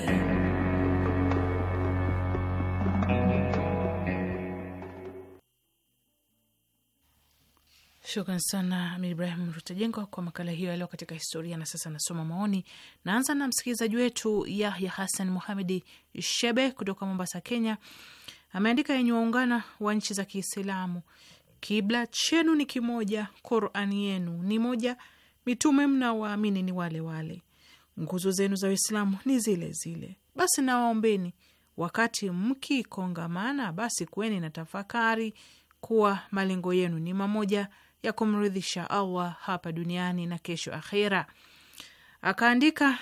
C: Shukran sana Amir Ibrahim Rutajengwa kwa makala hiyo yaleo katika historia. Na sasa nasoma maoni, naanza na msikilizaji wetu Yahya Hassan Muhamedi Shebe kutoka Mombasa, Kenya. Ameandika, yenye waungana wa nchi za Kiislamu, kibla chenu ni kimoja, Qurani yenu ni moja, mitume mnawaamini ni wale wale, nguzo zenu za Uislamu ni zile zile. Basi nawaombeni, wakati mkikongamana, basi kuweni na tafakari kuwa malengo yenu ni mamoja ya kumridhisha Allah hapa duniani na kesho akhira. Akaandika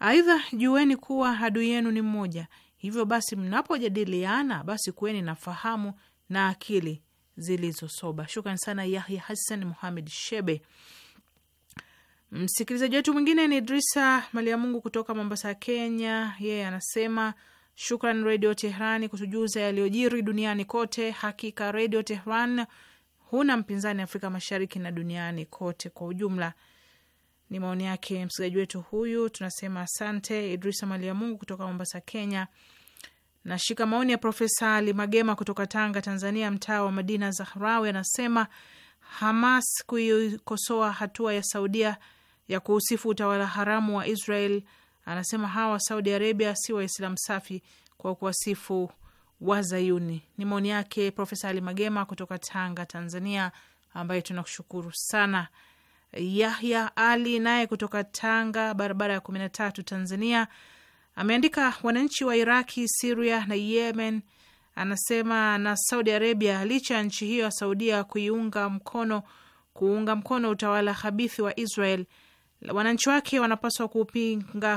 C: aidha, jueni kuwa adui yenu ni mmoja, hivyo basi mnapojadiliana, basi kuweni na fahamu na akili zilizosoba. Shukran sana Yahya Hassan Muhamed Shebe. Msikilizaji wetu mwingine ni Idrisa ya Mungu kutoka Mombasa, Kenya. Yeye yeah, anasema shukran Redio Tehrani kutujuza yaliyojiri duniani kote. Hakika Redio Tehran huna mpinzani Afrika Mashariki na duniani kote kwa ujumla. Ni maoni yake msikilizaji wetu huyu. Tunasema asante Idrisa Malia Mungu kutoka Mombasa, Kenya. Nashika maoni ya Profesa Ali Magema kutoka Tanga, Tanzania, mtaa wa Madina Zahrawi, anasema Hamas kuikosoa hatua ya Saudia ya kuhusifu utawala haramu wa Israel. Anasema hawa Saudi Arabia si Waislamu safi kwa kuwasifu Wazayuni. Ni maoni yake Profesa Ali Magema kutoka Tanga, Tanzania, ambaye tunakushukuru sana. Yahya Ali naye kutoka Tanga, barabara ya kumi na tatu, Tanzania, ameandika wananchi wa Iraki, Siria na Yemen, anasema na Saudi Arabia, licha ya nchi hiyo ya Saudia kuiunga mkono kuunga mkono utawala habithi wa Israel, wananchi wake wanapaswa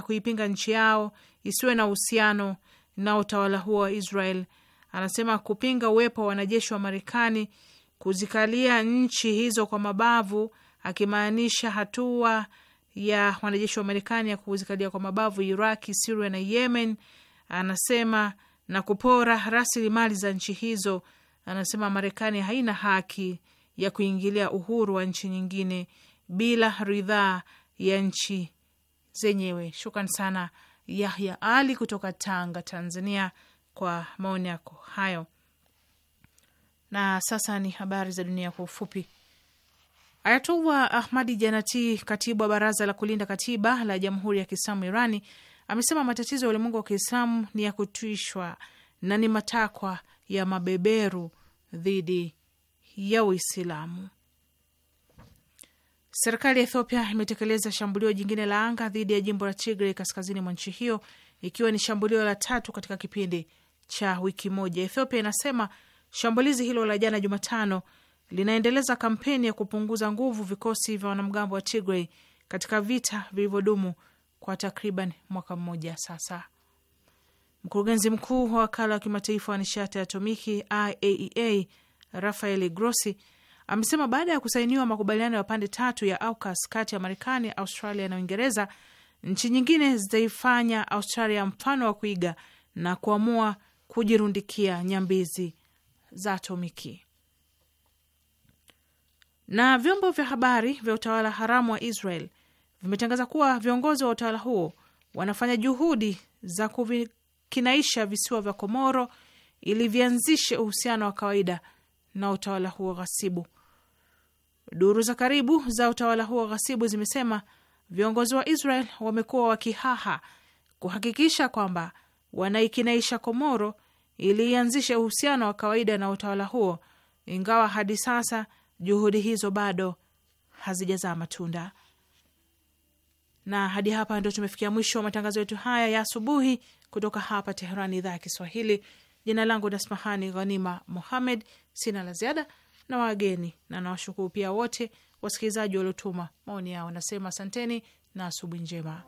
C: kuipinga nchi yao isiwe na uhusiano na utawala huo wa Israel. Anasema kupinga uwepo wa wanajeshi wa Marekani kuzikalia nchi hizo kwa mabavu, akimaanisha hatua ya wanajeshi wa Marekani ya kuzikalia kwa mabavu Iraki, Siria na Yemen, anasema na kupora rasilimali za nchi hizo. Anasema Marekani haina haki ya kuingilia uhuru wa nchi nyingine bila ridhaa ya nchi zenyewe. Shukran sana Yahya Ali kutoka Tanga, Tanzania, kwa maoni yako hayo. Na sasa ni habari za dunia kwa ufupi. Ayatullah Ahmadi Janati, katibu wa baraza la kulinda katiba la jamhuri ya Kiislamu Irani, amesema matatizo ya ulimwengu wa Kiislamu ni ya kutwishwa na ni matakwa ya mabeberu dhidi ya Uislamu. Serikali ya Ethiopia imetekeleza shambulio jingine la anga dhidi ya jimbo la Tigray kaskazini mwa nchi hiyo, ikiwa ni shambulio la tatu katika kipindi cha wiki moja. Ethiopia inasema shambulizi hilo la jana Jumatano linaendeleza kampeni ya kupunguza nguvu vikosi vya wanamgambo wa Tigray katika vita vilivyodumu kwa takriban mwaka mmoja sasa. Mkurugenzi mkuu wa wakala wa kimataifa wa nishati ya atomiki IAEA e Rafael Grossi amesema baada ya kusainiwa makubaliano ya pande tatu ya AUKUS kati ya Marekani, Australia na Uingereza, nchi nyingine zitaifanya Australia mfano wa kuiga na kuamua kujirundikia nyambizi za atomiki. Na vyombo vya habari vya utawala haramu wa Israel vimetangaza kuwa viongozi wa utawala huo wanafanya juhudi za kuvikinaisha visiwa vya Komoro ili vianzishe uhusiano wa kawaida na utawala huo ghasibu. Duru za karibu za utawala huo ghasibu zimesema viongozi wa Israel wamekuwa wakihaha kuhakikisha kwamba wanaikinaisha Komoro ili ianzishe uhusiano wa kawaida na utawala huo, ingawa hadi sasa juhudi hizo bado hazijazaa matunda. Na hadi hapa ndio tumefikia mwisho wa matangazo yetu haya ya asubuhi kutoka hapa Teherani, idhaa ya Kiswahili, Jina langu Nasmahani Ghanima Mohamed. Sina la ziada na wageni na nawashukuru pia wote wasikilizaji waliotuma maoni yao. Nasema asanteni na asubuhi njema.